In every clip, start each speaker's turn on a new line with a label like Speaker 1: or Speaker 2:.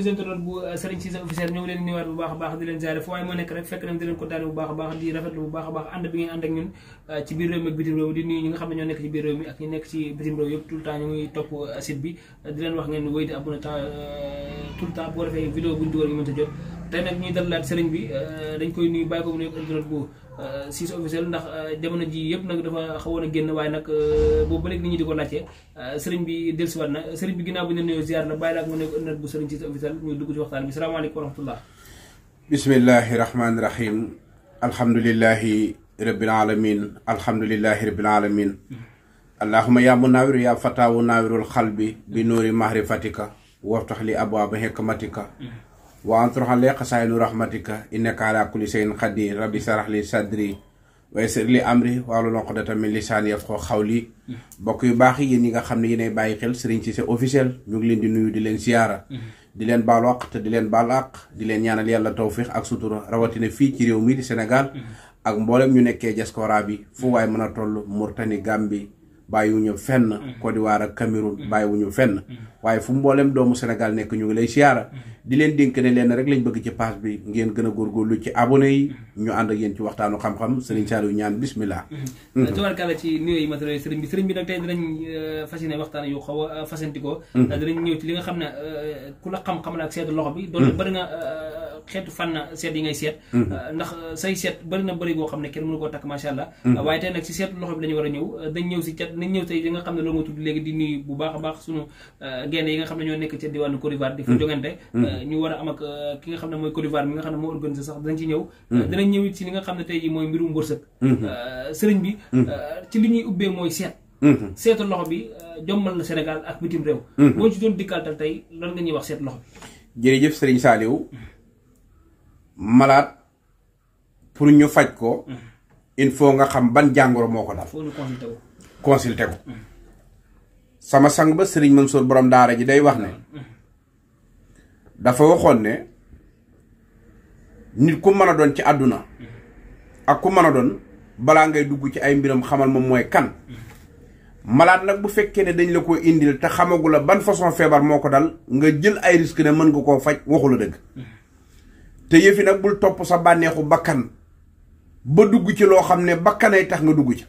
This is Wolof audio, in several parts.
Speaker 1: les internautes bu euh, Serigne ñoo ngi leen nuyuwaat bu baax a baax di leen ziare fu waaye moo nekk rek fekk nañ di leen ko daane bu baax a baax di rafetlu bu baax a baax ànd bi ngeen ànd ak ñun euh, ci biir réew mi ak bitim nekk ci bitim réew yëpp tout temps ñu ngi topp euh, site bi di leen wax ngeen wéy di abonné tout temps bu ko defee vidéo bu ñu dugal ñu jot tey nag ñuy dalalaat Serigne bi dañ koy nuyu bàyyi ko mu nuyu internaute bu Euh, six officiel ndax euh, jamono jii yëpp nag dafa xawoon a génn waaye nag euh, boobu ba léegi nit ñi di ko laajte sëriñ bi dellusiwaat na sëriñ bi ginnaaw na ñu nuyoo ziar la bàyyi la ak mu nekk internet bu sëriñ six officiel ñu dugg ci waxtaan bi salaamaaleykum wa rahmatullah
Speaker 2: bismillahi rahmaani rahim alhamdulillahi rabbil alamin alhamdulillahi rabbil alamin allahuma yaa munaawiru yaa fataawu naawirul xalbi bi nuuri mahrifatika tax li abwaaba hikmatika wa an turxale xasaayinu rahmatika innaka ala kulli shay'in qadir rabbi sarax li sadri wa yassir li amri wahlul uqdatan min lisaani xaw qawli bokk yu baax yi yéen yi nga xam ne yéenay bàyyi xel Serigne Cissé officiel ñu ngi leen di nuyu di leen siyaara di leen baal waq te di leen baal àq di leen ñaanal yàlla tawfiix ak sutura rawatina fii ci réew mii di Sénégal ak mboolem ñu nekkee diaspora bi fu waay mën a toll Mauritanie Gambie bàyyiwuñu fenn mm-hmm. Côte d'Ivoire ak Cameroun mm-hmm. bàyyiwuñu fenn mm-hmm. waaye fu mboolem doomu Sénégal nekk ñu ngi lay siyaara di leen dénk ne leen rek lañ bëgg ci paas bi ngeen gën a góorgóorlu ci abonné yi ñu ànd a yéen ci waxtaanu xam-xam sëriñ Saliou ñaan bismillah tubaarkàlla
Speaker 1: sëriñ bi nag tey dinañ euh, fasine waxtaan yu xaw a euh, fasantikoo dinañ ñëw ci li nga xam ne euh, ku la xam-xam la ak seetu loxo bi doon bari nga xeetu fànn seet yi ngay seet mm-hmm. euh, ndax euh, say seet bëri na bëri goo xam ne kenn mënu koo takk macha mm-hmm. waaye tey nag si seetu loxo bi la a ñëw euh, dañ ñëw si cat nañ ñëw tey li nga xam ne loolu nga tudd léegi di nuyu bu baax a baax ne ñoo nekk ca diwaanu Côte d'Ivoire di fa mm-hmm. a am ne mooy Côte d'Ivoire mi nga xam ne moo organisé sax danañ ci ñëw danañ li nga xam ne tey ji mooy mbirum li ñuy ubbee mooy seet seetu loxo bi jommal na Sénégal ak bitim réew boo ci doon dikkaatal tey lan nga ñuy wax seet loxo
Speaker 2: bi jërëjëf saa Saliou malade pour ñu faj ko. il faut nga xam ban jàngoro moo ko daal. foo consulté ko. consulté ko mm. sama sang ba Serigne Mansour borom daara ji day wax ne mm. dafa waxoon ne nit ku mën a doon ci àdduna mm. ak ku mën a doon balaa ngay dugg ci ay mbiram xamal moom mooy kan. malaat nag bu fekkee ne dañ la ko indil te xamagu la ban façon feebar moo ko dal nga jël ay risque ne mën nga koo faj waxu la dëgg. te yëfi nag bul topp sa bànneexu bakkan ba dugg ci loo xam ne bakkan bakkanay tax nga dugg ci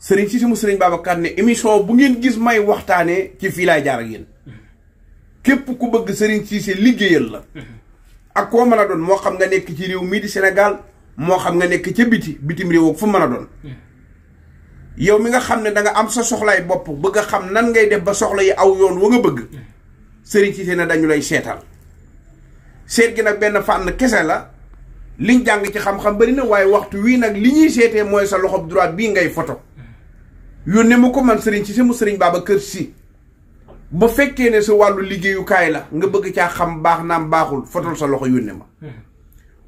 Speaker 2: sëriñ si sumu sëriñ Babacar ne émission bu ngeen gis may waxtaanee ci fii laay jaar ak yéen képp ku bëgg sëriñ Cissé liggéeyal la ak koo mën a doon moo xam nga nekk ci réew mii di Sénégal moo xam nga nekk ca bitim réew ak fu mën a doon yow mi nga xam ne danga am sa soxlaay bopp bëgg a xam nan ngay def ba soxla yi aw yoon wa nga bëgg sëriñ Cissé na dañu lay seetal seet gi nag benn fànn kese la liñ jàng ci xam-xam bari na waaye waxtu wii nag li ñuy seetee mooy sa loxo droit bii ngay photo yónnee mu ko man sëriñ si sama sëriñ kër si ba fekkee ne sa wàllu liggéeyukaay la nga bëgg caa xam baax naam baaxul fotol sa loxo yónnee ma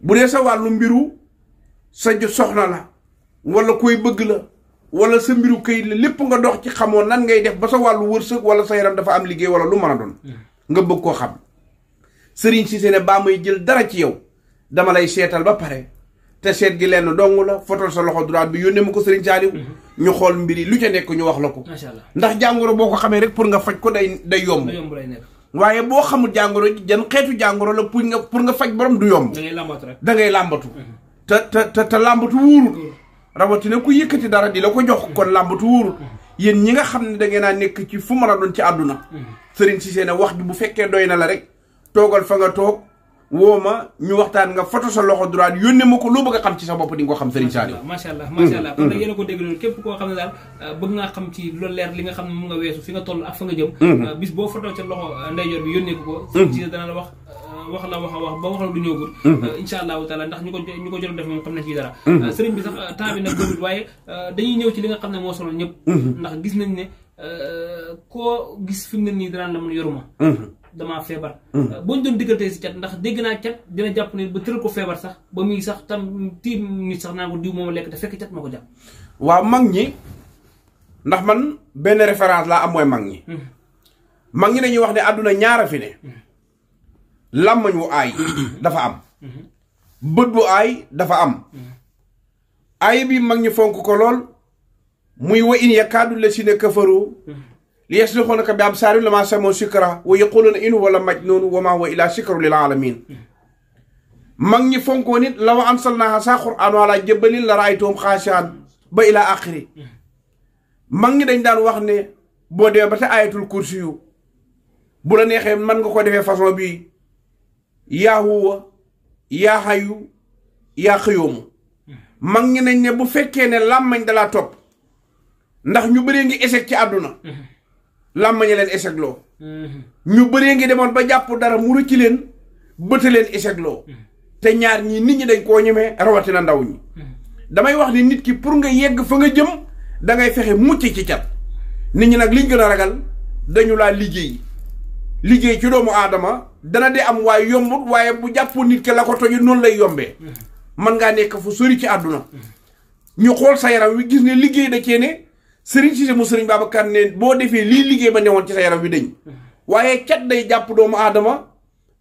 Speaker 2: bu dee sa wàllu mbiru sa soxna la wala koy bëgg la wala sa mbiru këyit la lépp nga dox ci xamoon nan ngay def ba sa wàllu wërsëg wala sa yaram dafa am liggéey wala lu mën a doon bëgg koo xam sëriñ Cissé ne baa may jël dara ci yow dama lay seetal ba pare te seet gi lenn dong la fotal sa loxo droite bi yónnee ma ko sëriñ Saaliw mhm. ñu xool mbiri lu ca nekk ñu wax la ko ndax jàngoro boo ko xamee rek pour nga faj ko day day yomb waaye boo xamul jàngoro ji jan xeetu jàngoro la pour nga pour nga faj borom du yomb da ngay làmbatu mhm. te te te làmbatu wuurul rawatina ku yëkkati dara di la ko jox mhm. kon làmbatu wuurul yéen ñi nga xam ne da ngeen a nekk ci fu mën a doon ci àdduna sëriñ Cissé ne wax ji bu fekkee doy na la rek toogal fa nga toog woo ma ñu waxtaan nga foto sa loxo droit yónnee ma ko loo bëgg a xam ci sa bopp di ko xam Serigne Saliou
Speaker 1: macha allah macha allah mm-hmm. kon nag ko dégg loolu képp koo xam euh, li nga xam ne mu nga weesu fi ak nga jëm mm-hmm. euh, bis boo foto sa loxo euh, ndeyjoor bi yónnee ko ko mm-hmm. ci dana la wax wax la wax a wax ba wax la du ñëwgul insha allahu taala ndax ñu ko ñu ko jot def moom xam nañ ci dara sëriñ bi sax temps bi nag bëgul waaye dañuy ñëw ci li nga xam ne moo solo ñëpp ndax gis nañ ne koo gis fi mu ne nii danaan la mën yoruma damaa feebar. Hmm. Euh, boo ñu doon diggante si cat ndax dégg naa cat dina jàpp ne ba tëral ko feebar sax ba muy sax tam tiim nit sax naa ko diw moom lekk te fekk cat ma ko jàpp.
Speaker 2: waaw mag ñi ndax man benn référence laa am mooy mag ñi. Hmm. mag ñi dañuy wax ne àdduna ñaara fi ne. Hmm. làmmañ wu aay dafa am. bët bu aay dafa am. aay bi mag ñi fonk ko lool muy wa in yakaadu la si ne kafaru liyasliqunaka bi absaarin lammaa samuu sikra wa yaquluuna inhuwa la majnuun wa maa huwa illaa zikrun lil aalamiin mag ñi fonkoon it law anzalnaa haazaa qur'aanan alaa jabalin la ra'aytahu xaashi'an ba ilaa aaxiri mag ñi dañ daan wax ne boo demee ba te ayatul kursi yu bu la neexee man nga ko defee façon bi yaa huwa yaa hayyu yaa qayyuumu mag ñi nañ ne bu fekkee ne làmmañ dalaa topp ndax ñu bëree ngi échec ci àdduna làmmañe leen échec loo mhm. ñu bëree ngi demoon ba jàpp dara mu rëcc leen bëta leen échec mhm. te ñaar ñii nit ñi dañ koo ñemee rawatina ndaw ñi mhm. damay wax ni nit ki pour nga yegg fa nga jëm dangay fexe mucc ci cat nit ñi nag liñ gën a ragal dañu laa liggéey liggéey ci doomu aadama dana de am waaye yombut waaye bu jàppoon nit ki la ko toju noonu lay yombee mën ngaa nekk fu sori ci àdduna ñu xool sa yaram wi gis ne liggéey da cee ne Serigne Cissé mu Serigne Babacar ne boo defee lii liggéey ba newoon ci sa yaram wi dañ waaye cat day jàpp doomu aadama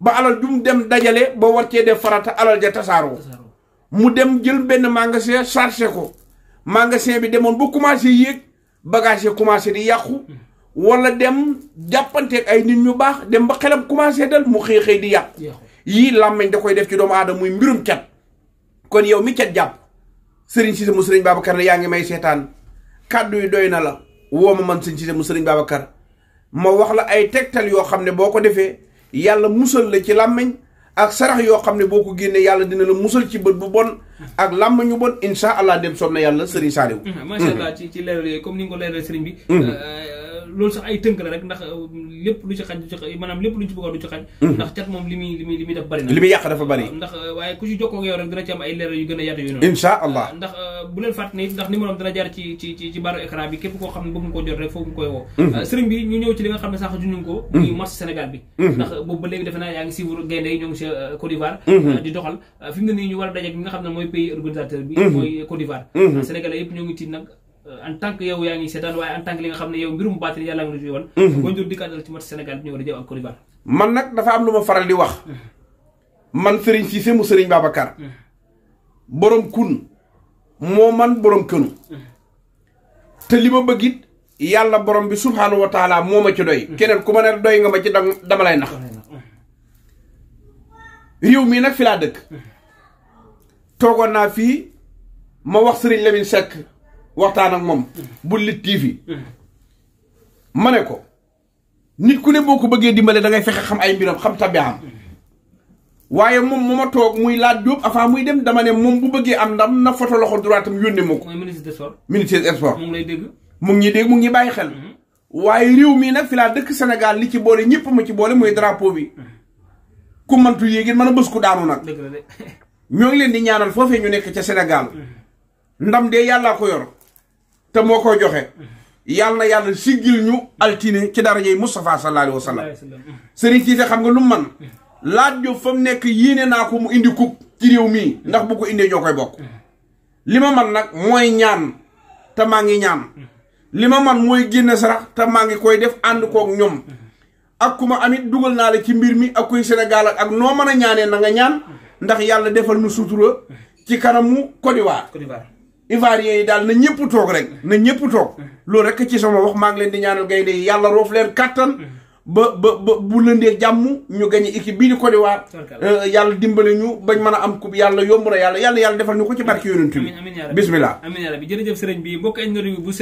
Speaker 2: ba alal jum dem dajale ba war cee def farata alal ja tasaaroo mu dem jël benn magasin chargé ko magasin bi demoon ba commencé yéeg bagage yi commencé di yàqu wala dem jàppanteeg ay nit ñu baax dem ba xelam commencé dal mu xëy xëy di yàqu yii làmmeñ da koy def ci doomu aadama muy mbirum cat kon yow mi cat jàpp Serigne Cissé mu Serigne Babacar yaa ngi may seetaan kàddu yi doy na la woo ma man sëñ Cissé mu sëriñ Babacar ma wax la ay tegtal yoo xam ne boo ko defee yàlla musal la ci làmmiñ ak sarax yoo xam ne boo ko génnee yàlla dina la musal ci bët bu bon ak làmmiñ ñu bon insha allah dem soob yàlla sëriñ Saliou. macha allah
Speaker 1: mm-hmm. loolu sax ay tënk rek ndax euh, lépp lu ci xaj du lépp lu ci bëgg a du ci xaj hmm. ndax cat moom li muy dafa bari ndax euh, waaye a yaa ngi suivre gaynde yi ñoo ngi ca Côte d'Ivoire hmm. euh, di yëpp hmm. ñoo ngi tiit nag Euh, en tant yow yaa ngi seetaan en tant que li nga xam ne yow
Speaker 2: a jëm mhm. ak Côte man nag dafa am lu ma faral di wax. Mhm. man Serigne Cissé mu Serigne Babacar. Mhm. borom kun moo man borom kënu. te li ma bëgg yàlla borom bi subhaanahu wa taala moo ma ci doy. keneen ku ma ne doy nga ma ci dama lay nax. réew mii nag fi laa dëkk. toogoon naa fii ma wax Serigne Lamine Seck. waxtaan ak moom bu lit TV hmm. ma ne ko nit ku ne boo ko bëggee dimbale da ngay fexe xam ay mbiram xam am hmm. waaye moom mu a toog muy laal Diop avant muy dem dama ne moom bu bëggee am ndam na foto loxo droitam yónnee ma ko. mooy ministre des lay dégg. mu ngi ñuy mu ngi ñuy bàyyi xel. Hmm. waaye réew mii nag fi laa dëkk Sénégal li ci boole ñëpp ma ci boole mooy drapeau bi. ku mantu yéegin man a bës ku daanu nag. ñoo ngi leen di ñaanal foofee ñu nekk ca senegaal ndam de yàllaa ko yor. te moo koy joxe yàlla na yàlla siggil ñu altine ci darajey Moustapha sallallahu alayhi wa sallam Serigne Cissé xam nga lu man laaj jo fa mu nekk yéene naa ko mu indi coupe ci réew mii ndax bu ko indee ñoo koy bokk li ma man nag mooy ñaan te maa ngi ñaan li ma man mooy génne sarax te maa ngi koy def ànd kook ñoom ak ku ma amit dugal naa la ci mbir mi ak kuy Sénégal ak ak noo mën a ñaanee na nga ñaan ndax yàlla defal nu suutura ci kanamu Côte d'Ivoire Ivoiriens yi daal na ñëpp toog rek na ñëpp toog loolu rek ci sama wax maa ngi leen di ñaanal gaynde yi yàlla roof leen kàttan ba ba bu lëndee jàmm ñu gañe équipe bii di Côte d'Ivoire euh, yàlla dimbale ñu bañ mën a am coupe yàlla yomb na yàlla yàlla yàlla defal ñu ko ci barke yonent bi bismillah
Speaker 1: jërëjëf sëriñ bi mbokk añ nori bu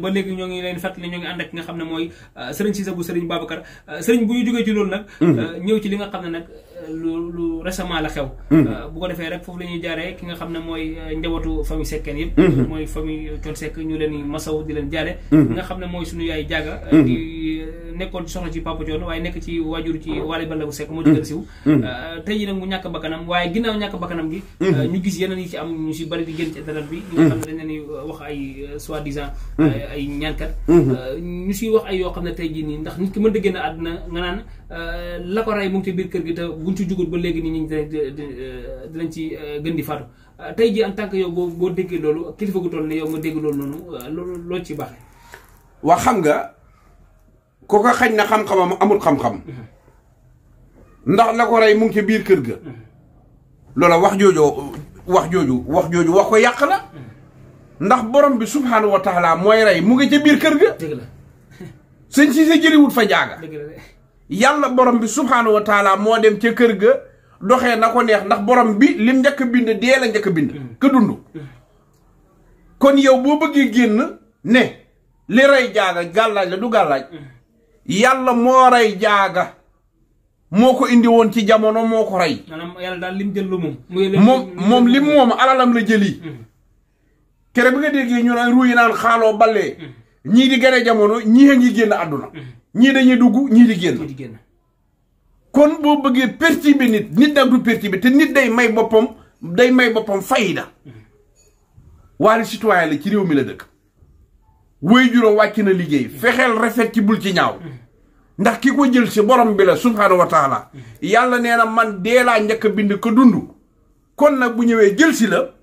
Speaker 1: ba léegi ñoo ngi leen fàttali ñoo ngi ànd ak nga xam ne mooy euh, sëriñ Cissé bu sëriñ Babacar euh, sëriñ bu ñu jógee ci loolu nag mm-hmm. ñëw ci li nga xam ne nag lu lu récemment la xew. Mm-hmm. Euh, bu ko defee rek foofu la ñuy jaaree ki nga xam ne mooy euh, njabootu famille Seckeen yëpp. Mm-hmm. mooy famille Thione Seck ñu leen di masaw di leen jaare ki mm-hmm. nga xam ne mooy suñu yaay jaaga. Euh, di nekkoon soxna ci Papa Thione waaye nekk ci waajur ci Wally Ballago Seck moo ci gën siw tey jii nag mu ñàkk bakkanam waaye ginnaaw ñàkk bakkanam gi. ñu gis yeneen yi ci am ñu si a àdduna nga naan la rey mu ngi biir kër gi te buñ ci jugut ba léegi nit ñi dinañ ci eh, gën di faatu eh, tey ji en tant que yow boo boo déggee loolu kilifa gu toll ne yow nga dégg loolu noonu eh, loolu loolu ci baaxee.
Speaker 2: waa xam nga ku ko xañ na xam-xamam amul xam-xam mm-hmm. ndax la ko rey mu ngi ci biir kër ga mm-hmm. loola wax joojoo wax jooju wax jooju wax ko yàq la mm-hmm. ndax borom bi subhaanahu wa taala mooy rey mu ngi ca biir kër ga. dëgg la sëñ si sa jëliwut fa jaaga. yàlla borom bi subhaanahu wa moo dem ca kër ga doxee na ko neex ndax borom bi lim njëkk bind dee la njëkk bind mm. ka kon yow boo bëggee génn ne li rey jaaga gàllaaj la du gàllaaj mm. yàlla moo rey jaaga moo ko indi woon ci jamono moo ko rey yàlla daal lim jël lu moom moom lim moom alalam la jëli mm. kere bi nga déggee ñu naan ruuyi naan xaaloo ballee ñii di gane jamono ñii a génn àdduna ñii dañuy dugg ñii di génn. kon boo bëggee perturber nit nit daal du perturber te nit day may boppam day may boppam fayda. Mm-hmm. Wally citoyen la ci réew mi la dëkk. woy juróom wàcc na liggéey mm-hmm. fexeel rafet ci bul ci ñaaw. Mm-hmm. ndax ki ko jël si borom bi la subhaanahu wa taala. yàlla nee na man deelaa laa njëkk bind ko dund. kon nag bu ñëwee jël si la.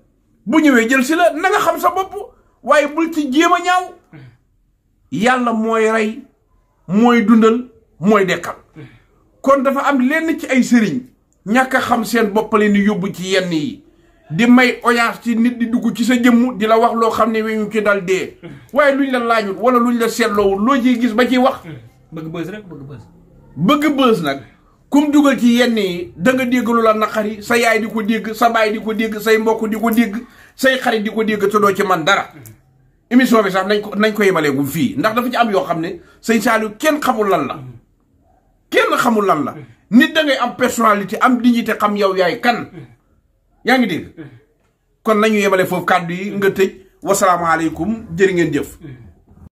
Speaker 2: bu ñëwee jël si la na xam sa bopp waaye bul ci jéem a ñaaw. yàlla mooy rey. mooy dundal mooy dekkal kon dafa am lenn ci ay sëriñ ñàkk a xam seen boppale ni yóbbu ci yenn yi di may oyaas ci nit di dugg ci sa jëmm di la wax loo xam ne weñu ci dal waaye luñ la laajut wala luñ la seetloowul loo ciy gis ba ciy wax bëgg bës rek bëgg bës bëgg bës nag kum dugal ci yenn yi da nga dégg lu la naqari sa yaay di ko dégg sa baay di ko dégg say mbokk di ko dégg say xarit di ko dégg te doo ci man dara émission bi sax nañ ko nañ ko yemaleegum fii ndax dafa ci am yoo xam ne sëñ Saliou kenn xamul lan la kenn xamul lan la nit da ngay am personnalité am dignité xam yow yaay kan yaa ngi dégg kon nañu yemale foofu kàddu yi nga tëj wasalaamaaleykum jërë ngeen jëf